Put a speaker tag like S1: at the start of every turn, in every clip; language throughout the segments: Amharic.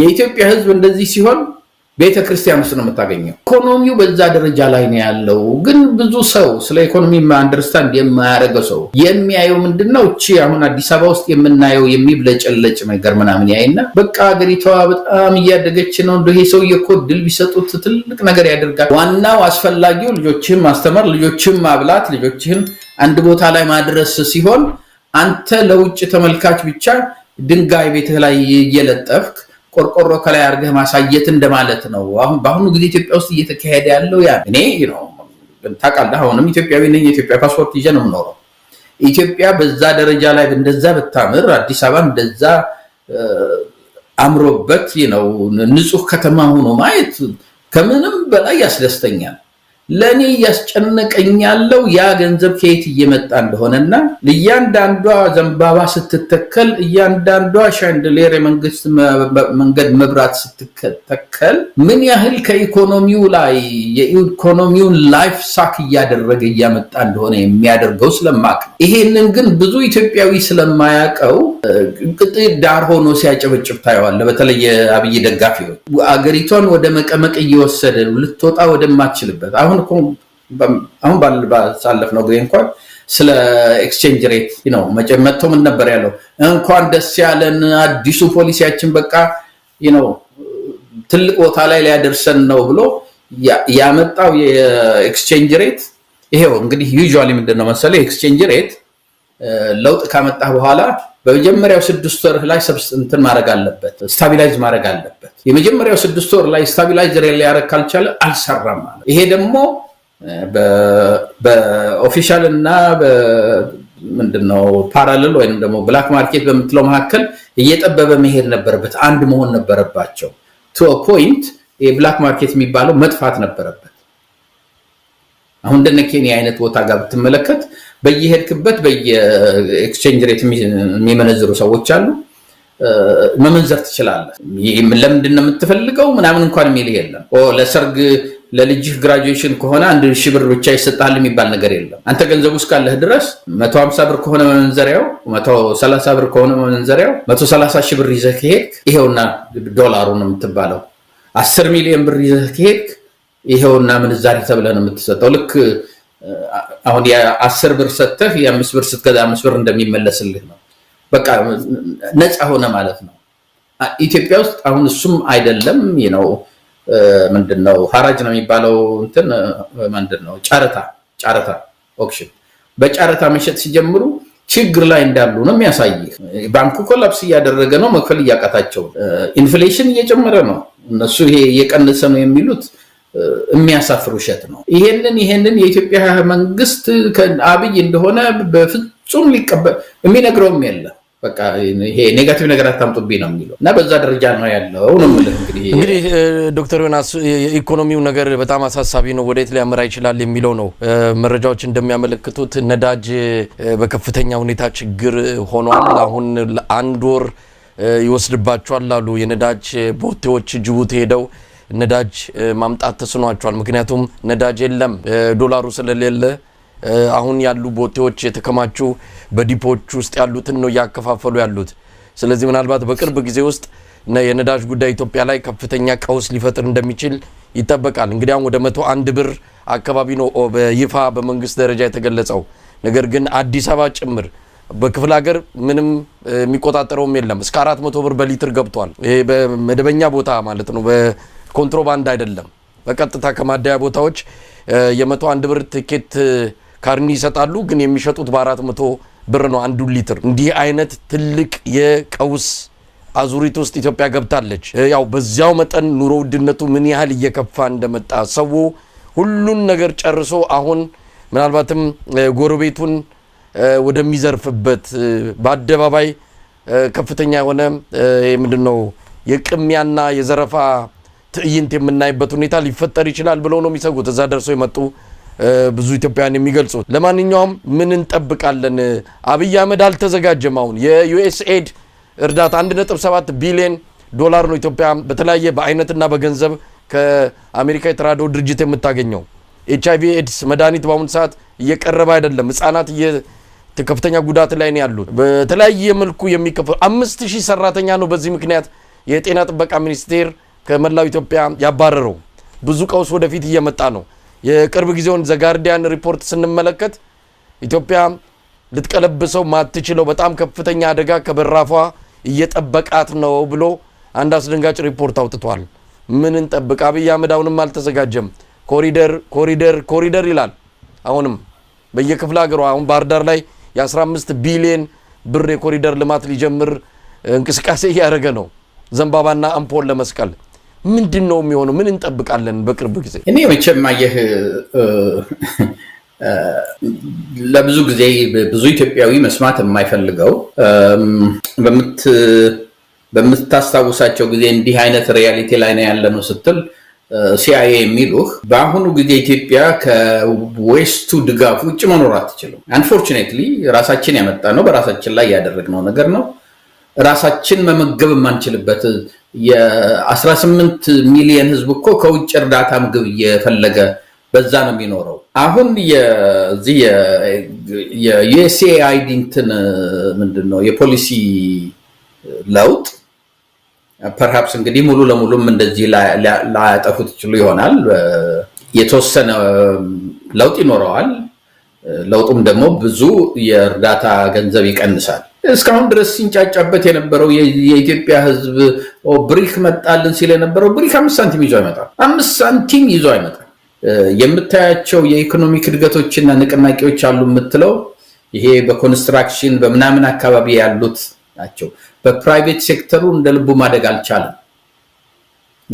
S1: የኢትዮጵያ ህዝብ እንደዚህ ሲሆን ቤተ ክርስቲያን ውስጥ ነው የምታገኘው። ኢኮኖሚው በዛ ደረጃ ላይ ነው ያለው። ግን ብዙ ሰው ስለ ኢኮኖሚ አንደርስታንድ የማያደርገው ሰው የሚያየው ምንድን ነው? እቺ አሁን አዲስ አበባ ውስጥ የምናየው የሚብለጨለጭ ነገር ምናምን ያይና በቃ ሀገሪቷ በጣም እያደገች ነው፣ እንደ ይሄ ሰውዬ እኮ ድል ቢሰጡት ትልቅ ነገር ያደርጋል። ዋናው አስፈላጊው ልጆችህን ማስተማር፣ ልጆችህን ማብላት፣ ልጆችህን አንድ ቦታ ላይ ማድረስ ሲሆን አንተ ለውጭ ተመልካች ብቻ ድንጋይ ቤትህ ላይ እየለጠፍክ ቆርቆሮ ከላይ አድርገህ ማሳየት እንደማለት ነው። አሁን በአሁኑ ጊዜ ኢትዮጵያ ውስጥ እየተካሄደ ያለው ያ እኔ ታውቃለህ፣ አሁንም ኢትዮጵያዊ ነኝ፣ የኢትዮጵያ ፓስፖርት ይዤ ነው የምኖረው። ኢትዮጵያ በዛ ደረጃ ላይ እንደዛ ብታምር አዲስ አበባ እንደዛ አምሮበት ነው ንጹህ ከተማ ሆኖ ማየት ከምንም በላይ ያስደስተኛል። ለኔ እያስጨነቀኝ ያለው ያ ገንዘብ ከየት እየመጣ እንደሆነና እያንዳንዷ ዘንባባ ስትተከል፣ እያንዳንዷ ሻንድሌር የመንግስት መንገድ መብራት ስትተከል ምን ያህል ከኢኮኖሚው ላይ የኢኮኖሚውን ላይፍ ሳክ እያደረገ እያመጣ እንደሆነ የሚያደርገው ስለማቅ ይሄንን ግን ብዙ ኢትዮጵያዊ ስለማያውቀው ቅጥ ዳር ሆኖ ሲያጨበጭብ ታየዋለ በተለይ አብይ ደጋፊ አገሪቷን ወደ መቀመቅ እየወሰደ ልትወጣ ወደማትችልበት አሁን አሁን እኮ አሁን ባሳለፍ ነው ጊዜ እንኳን ስለ ኤክስቼንጅ ሬት ነው መጥቶ ምን ነበር ያለው? እንኳን ደስ ያለን አዲሱ ፖሊሲያችን በቃ ነው ትልቅ ቦታ ላይ ሊያደርሰን ነው ብሎ ያመጣው የኤክስቼንጅ ሬት ይሄው እንግዲህ ዩዥዋሊ ምንድን ነው መሰለ ኤክስቼንጅ ሬት ለውጥ ካመጣ በኋላ በመጀመሪያው ስድስት ወር ላይ እንትን ማድረግ አለበት፣ ስታቢላይዝ ማድረግ አለበት። የመጀመሪያው ስድስት ወር ላይ ስታቢላይዝ ሊያደረግ ካልቻለ አልሰራም ማለት ይሄ ደግሞ በኦፊሻል እና ምንድነው ፓራለል ወይም ደግሞ ብላክ ማርኬት በምትለው መካከል እየጠበበ መሄድ ነበረበት። አንድ መሆን ነበረባቸው። ቱ ፖይንት የብላክ ማርኬት የሚባለው መጥፋት ነበረበት። አሁን እንደነ ኬንያ አይነት ቦታ ጋር ብትመለከት በየሄድክበት በየኤክስቼንጅ ሬት የሚመነዝሩ ሰዎች አሉ። መመንዘር ትችላለህ። ለምንድን ነው የምትፈልገው ምናምን እንኳን የሚል የለም። ለሰርግ ለልጅህ ግራጁዌሽን ከሆነ አንድ ሺህ ብር ብቻ ይሰጣል የሚባል ነገር የለም። አንተ ገንዘቡ እስካለህ ድረስ መቶ ሀምሳ ብር ከሆነ መመንዘሪያው፣ መቶ ሰላሳ ብር ከሆነ መመንዘሪያው፣ መቶ ሰላሳ ሺህ ብር ይዘህ ከሄድክ ይሄውና ዶላሩ ነው የምትባለው። አስር ሚሊዮን ብር ይዘህ ከሄድክ ይሄውና ምንዛሬ ተብለህ ነው የምትሰጠው ልክ አሁን የአስር ብር ሰጥተህ የአምስት ብር ስትገዛ አምስት ብር እንደሚመለስልህ ነው። በቃ ነፃ ሆነ ማለት ነው። ኢትዮጵያ ውስጥ አሁን እሱም አይደለም ነው ምንድን ነው ሀራጅ ነው የሚባለው እንትን ምንድን ነው ጨረታ ጨረታ ኦክሽን በጨረታ መሸጥ ሲጀምሩ ችግር ላይ እንዳሉ ነው የሚያሳይህ። ባንኩ ኮላፕስ እያደረገ ነው፣ መክፈል እያቃታቸው፣ ኢንፍሌሽን እየጨመረ ነው። እነሱ ይሄ እየቀነሰ ነው የሚሉት የሚያሳፍር ውሸት ነው። ይሄንን ይሄንን የኢትዮጵያ መንግስት አብይ እንደሆነ በፍጹም ሊቀበል የሚነግረውም የለ። በቃ ይሄ ኔጋቲቭ ነገር አታምጡብኝ ነው የሚለው እና በዛ ደረጃ ነው ያለው ነው የምልህ። እንግዲህ
S2: እንግዲህ ዶክተር ዮናስ የኢኮኖሚው ነገር በጣም አሳሳቢ ነው፣ ወደት ሊያመራ ይችላል የሚለው ነው። መረጃዎች እንደሚያመለክቱት ነዳጅ በከፍተኛ ሁኔታ ችግር ሆኗል። አሁን አንድ ወር ይወስድባቸዋል አሉ የነዳጅ ቦቴዎች ጅቡቲ ሄደው ነዳጅ ማምጣት ተስኗቸዋል። ምክንያቱም ነዳጅ የለም፣ ዶላሩ ስለሌለ አሁን ያሉ ቦቴዎች የተከማቹ በዲፖዎች ውስጥ ያሉትን ነው እያከፋፈሉ ያሉት። ስለዚህ ምናልባት በቅርብ ጊዜ ውስጥ የነዳጅ ጉዳይ ኢትዮጵያ ላይ ከፍተኛ ቀውስ ሊፈጥር እንደሚችል ይጠበቃል። እንግዲህ አሁን ወደ መቶ አንድ ብር አካባቢ ነው በይፋ በመንግስት ደረጃ የተገለጸው። ነገር ግን አዲስ አበባ ጭምር በክፍለ ሀገር ምንም የሚቆጣጠረውም የለም። እስከ አራት መቶ ብር በሊትር ገብቷል። ይሄ በመደበኛ ቦታ ማለት ነው ኮንትሮባንድ አይደለም። በቀጥታ ከማደያ ቦታዎች የመቶ አንድ ብር ትኬት ካርኒ ይሰጣሉ፣ ግን የሚሸጡት በአራት መቶ ብር ነው አንዱ ሊትር። እንዲህ አይነት ትልቅ የቀውስ አዙሪት ውስጥ ኢትዮጵያ ገብታለች። ያው በዚያው መጠን ኑሮ ውድነቱ ምን ያህል እየከፋ እንደመጣ ሰው ሁሉን ነገር ጨርሶ አሁን ምናልባትም ጎረቤቱን ወደሚዘርፍበት በአደባባይ ከፍተኛ የሆነ ምንድን ነው የቅሚያና የዘረፋ ትዕይንት የምናይበት ሁኔታ ሊፈጠር ይችላል ብለው ነው የሚሰጉት እዛ ደርሰው የመጡ ብዙ ኢትዮጵያውያን የሚገልጹት። ለማንኛውም ምን እንጠብቃለን? አብይ አህመድ አልተዘጋጀም። አሁን የዩኤስኤድ እርዳታ 1.7 ቢሊዮን ዶላር ነው ኢትዮጵያ በተለያየ በአይነትና በገንዘብ ከአሜሪካ የተራድኦ ድርጅት የምታገኘው። ኤች አይቪ ኤድስ መድኃኒት በአሁኑ ሰዓት እየቀረበ አይደለም። ህጻናት ከፍተኛ ጉዳት ላይ ነው ያሉት። በተለያየ መልኩ የሚከፈሉ አምስት ሺህ ሰራተኛ ነው በዚህ ምክንያት የጤና ጥበቃ ሚኒስቴር ከመላው ኢትዮጵያ ያባረረው። ብዙ ቀውስ ወደፊት እየመጣ ነው። የቅርብ ጊዜውን ዘጋርዲያን ሪፖርት ስንመለከት ኢትዮጵያ ልትቀለብሰው ማትችለው በጣም ከፍተኛ አደጋ ከበራፏ እየጠበቃት ነው ብሎ አንድ አስደንጋጭ ሪፖርት አውጥቷል። ምን እንጠብቅ? አብይ አህመድ አሁንም አልተዘጋጀም። ኮሪደር ኮሪደር ኮሪደር ይላል። አሁንም በየክፍለ ሀገሩ አሁን ባህር ዳር ላይ የ15 ቢሊዮን ብር የኮሪደር ልማት ሊጀምር እንቅስቃሴ እያደረገ ነው። ዘንባባና አምፖል ለመስቀል ምንድን ነው የሚሆነው? ምን እንጠብቃለን? በቅርብ ጊዜ
S1: እኔ መቼም አየህ ለብዙ ጊዜ ብዙ ኢትዮጵያዊ መስማት የማይፈልገው በምታስታውሳቸው ጊዜ እንዲህ አይነት ሪያሊቲ ላይ ነው ያለ ነው ስትል ሲአይኤ የሚሉህ በአሁኑ ጊዜ ኢትዮጵያ ከዌስቱ ድጋፍ ውጭ መኖር አትችልም። አንፎርቹኔትሊ ራሳችን ያመጣ ነው፣ በራሳችን ላይ ያደረግነው ነገር ነው። ራሳችን መመገብ የማንችልበት የ18 ሚሊየን ህዝብ እኮ ከውጭ እርዳታ ምግብ እየፈለገ በዛ ነው የሚኖረው። አሁን የዚህ የዩኤስኤአይዲ እንትን ምንድን ነው የፖሊሲ ለውጥ ፐርሃፕስ እንግዲህ ሙሉ ለሙሉም እንደዚህ ላያጠፉት ይችሉ ይሆናል። የተወሰነ ለውጥ ይኖረዋል። ለውጡም ደግሞ ብዙ የእርዳታ ገንዘብ ይቀንሳል። እስካሁን ድረስ ሲንጫጫበት የነበረው የኢትዮጵያ ሕዝብ ብሪክ መጣልን ሲል የነበረው ብሪክ አምስት ሳንቲም ይዞ አይመጣም። አምስት ሳንቲም ይዞ አይመጣም። የምታያቸው የኢኮኖሚክ እድገቶችና ንቅናቄዎች አሉ የምትለው ይሄ በኮንስትራክሽን በምናምን አካባቢ ያሉት ናቸው። በፕራይቬት ሴክተሩ እንደ ልቡ ማደግ አልቻለም።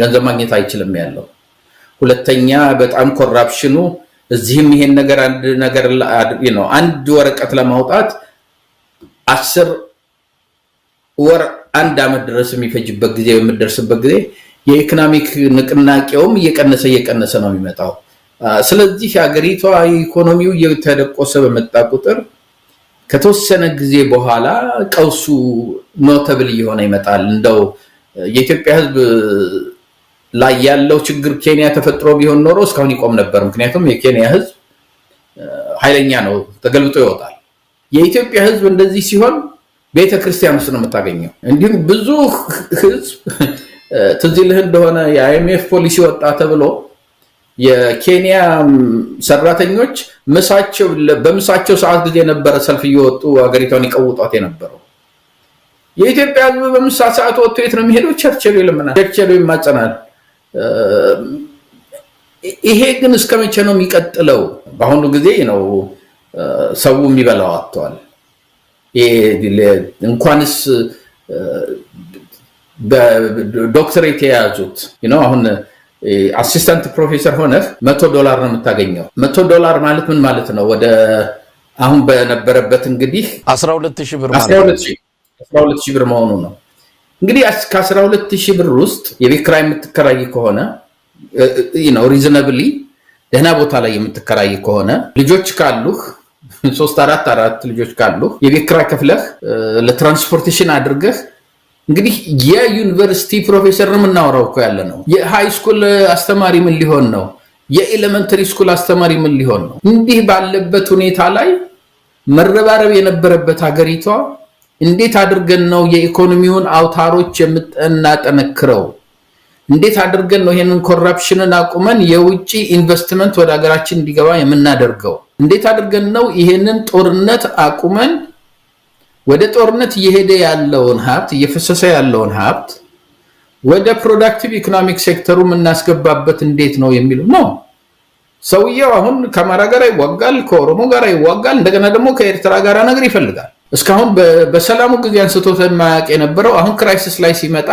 S1: ገንዘብ ማግኘት አይችልም ያለው። ሁለተኛ በጣም ኮራፕሽኑ እዚህም ይሄን ነገር አንድ ነገር አንድ ወረቀት ለማውጣት አስር ወር አንድ ዓመት ድረስ የሚፈጅበት ጊዜ የምደርስበት ጊዜ የኢኮኖሚክ ንቅናቄውም እየቀነሰ እየቀነሰ ነው የሚመጣው። ስለዚህ ሀገሪቷ ኢኮኖሚው እየተደቆሰ በመጣ ቁጥር ከተወሰነ ጊዜ በኋላ ቀውሱ ኖተብል እየሆነ ይመጣል። እንደው የኢትዮጵያ ሕዝብ ላይ ያለው ችግር ኬንያ ተፈጥሮ ቢሆን ኖሮ እስካሁን ይቆም ነበር። ምክንያቱም የኬንያ ሕዝብ ኃይለኛ ነው፣ ተገልብጦ ይወጣል። የኢትዮጵያ ህዝብ እንደዚህ ሲሆን ቤተ ክርስቲያን ውስጥ ነው የምታገኘው። እንዲሁም ብዙ ህዝብ ትዝ ይልህ እንደሆነ የአይኤምኤፍ ፖሊሲ ወጣ ተብሎ የኬንያ ሰራተኞች ምሳቸው በምሳቸው ሰዓት ጊዜ የነበረ ሰልፍ እየወጡ ሀገሪቷን ይቀውጧት የነበረው የኢትዮጵያ ህዝብ በምሳ ሰዓት ወጥቶ የት ነው የሚሄደው? ቸርቸሉ ይለምናል፣ ቸርቸሉ ይማጸናል። ይሄ ግን እስከ መቼ ነው የሚቀጥለው? በአሁኑ ጊዜ ነው ሰው የሚበላው አጥተዋል። እንኳንስ በዶክትሬት የያዙት አሁን አሲስታንት ፕሮፌሰር ሆነህ መቶ ዶላር ነው የምታገኘው። መቶ ዶላር ማለት ምን ማለት ነው? ወደ አሁን በነበረበት እንግዲህ አስራ ሁለት ሺህ ብር መሆኑ ነው። እንግዲህ ከአስራ ሁለት ሺህ ብር ውስጥ የቤት ኪራይ የምትከራይ ከሆነ ሪዝነብሊ ደህና ቦታ ላይ የምትከራይ ከሆነ ልጆች ካሉህ ሶስት አራት አራት ልጆች ካሉ የቤት ኪራይ ከፍለህ ለትራንስፖርቴሽን አድርገህ እንግዲህ የዩኒቨርሲቲ ፕሮፌሰር ነው የምናወራው እኮ ያለ ነው። የሃይ ስኩል አስተማሪ ምን ሊሆን ነው? የኤሌመንተሪ ስኩል አስተማሪ ምን ሊሆን ነው? እንዲህ ባለበት ሁኔታ ላይ መረባረብ የነበረበት ሀገሪቷ እንዴት አድርገን ነው የኢኮኖሚውን አውታሮች የምናጠነክረው? እንዴት አድርገን ነው ይህንን ኮራፕሽንን አቁመን የውጭ ኢንቨስትመንት ወደ ሀገራችን እንዲገባ የምናደርገው? እንዴት አድርገን ነው ይሄንን ጦርነት አቁመን ወደ ጦርነት እየሄደ ያለውን ሀብት እየፈሰሰ ያለውን ሀብት ወደ ፕሮዳክቲቭ ኢኮኖሚክ ሴክተሩ የምናስገባበት እንዴት ነው የሚለው ነው። ሰውየው አሁን ከአማራ ጋር ይዋጋል፣ ከኦሮሞ ጋር ይዋጋል፣ እንደገና ደግሞ ከኤርትራ ጋር ነገር ይፈልጋል። እስካሁን በሰላሙ ጊዜ አንስቶ የማያውቅ የነበረው አሁን ክራይሲስ ላይ ሲመጣ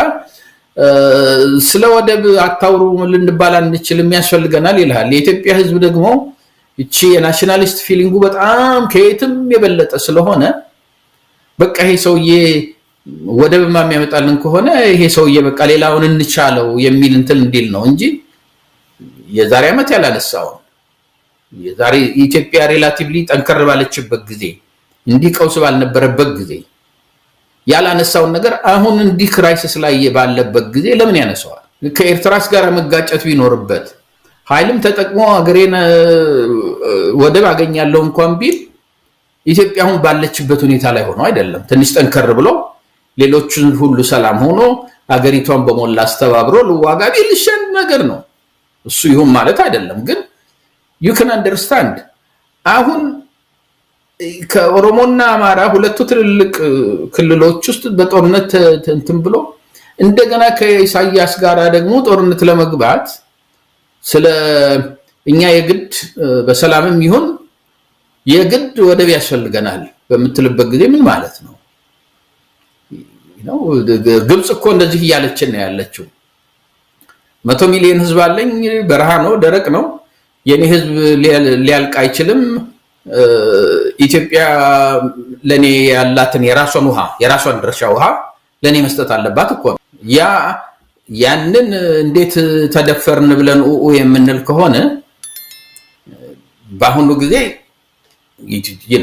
S1: ስለ ወደብ አታውሩ ልንባል አንችልም ያስፈልገናል ይልሃል። የኢትዮጵያ ሕዝብ ደግሞ ይቺ የናሽናሊስት ፊሊንጉ በጣም ከየትም የበለጠ ስለሆነ በቃ ይሄ ሰውዬ ወደብማ የሚያመጣልን ከሆነ ይሄ ሰውዬ በቃ ሌላውን እንቻለው የሚል እንትን እንዲል ነው እንጂ የዛሬ ዓመት ያላነሳውን የዛሬ ኢትዮጵያ ሬላቲቭሊ ጠንከር ባለችበት ጊዜ እንዲህ ቀውስ ባልነበረበት ጊዜ ያላነሳውን ነገር አሁን እንዲህ ክራይሲስ ላይ ባለበት ጊዜ ለምን ያነሳዋል? ከኤርትራስ ጋር መጋጨት ቢኖርበት ኃይልም ተጠቅሞ አገሬን ወደብ አገኛለሁ እንኳን ቢል ኢትዮጵያ አሁን ባለችበት ሁኔታ ላይ ሆኖ አይደለም። ትንሽ ጠንከር ብሎ ሌሎችን ሁሉ ሰላም ሆኖ ሀገሪቷን በሞላ አስተባብሮ ልዋጋ ቢል ነገር ነው። እሱ ይሁን ማለት አይደለም፣ ግን ዩ ከን አንደርስታንድ አሁን ከኦሮሞና አማራ ሁለቱ ትልልቅ ክልሎች ውስጥ በጦርነት እንትን ብሎ እንደገና ከኢሳያስ ጋር ደግሞ ጦርነት ለመግባት ስለ እኛ የግድ በሰላምም ይሁን የግድ ወደብ ያስፈልገናል በምትልበት ጊዜ ምን ማለት ነው? ግብፅ እኮ እንደዚህ እያለችን ነው ያለችው። መቶ ሚሊዮን ህዝብ አለኝ፣ በረሃ ነው፣ ደረቅ ነው፣ የኔ ህዝብ ሊያልቅ አይችልም። ኢትዮጵያ ለእኔ ያላትን የራሷን ውሃ የራሷን ድርሻ ውሃ ለእኔ መስጠት አለባት እኮ ያ ያንን እንዴት ተደፈርን ብለን ኡ የምንል ከሆነ በአሁኑ ጊዜ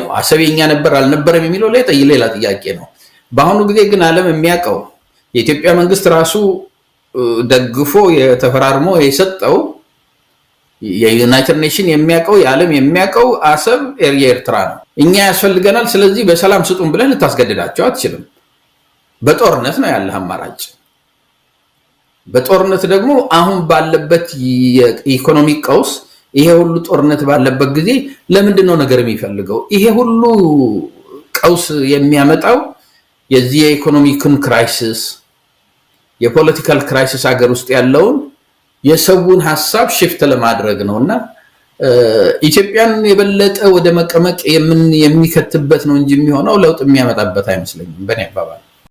S1: ነው የኛ ነበር አልነበረም የሚለው ሌላ ጥያቄ ነው። በአሁኑ ጊዜ ግን ዓለም የሚያውቀው የኢትዮጵያ መንግስት ራሱ ደግፎ የተፈራርሞ የሰጠው የዩናይትድ ኔሽን የሚያውቀው የዓለም የሚያውቀው አሰብ የኤርትራ ነው። እኛ ያስፈልገናል፣ ስለዚህ በሰላም ስጡን ብለን ልታስገድዳቸው አትችልም። በጦርነት ነው ያለህ አማራጭ። በጦርነት ደግሞ አሁን ባለበት የኢኮኖሚ ቀውስ ይሄ ሁሉ ጦርነት ባለበት ጊዜ ለምንድን ነው ነገር የሚፈልገው? ይሄ ሁሉ ቀውስ የሚያመጣው የዚህ የኢኮኖሚክን ክራይሲስ፣ የፖለቲካል ክራይሲስ ሀገር ውስጥ ያለውን የሰውን ሀሳብ ሽፍት ለማድረግ ነው እና ኢትዮጵያን የበለጠ ወደ መቀመቅ የሚከትበት ነው እንጂ የሚሆነው ለውጥ የሚያመጣበት አይመስለኝም በእኔ አባባል።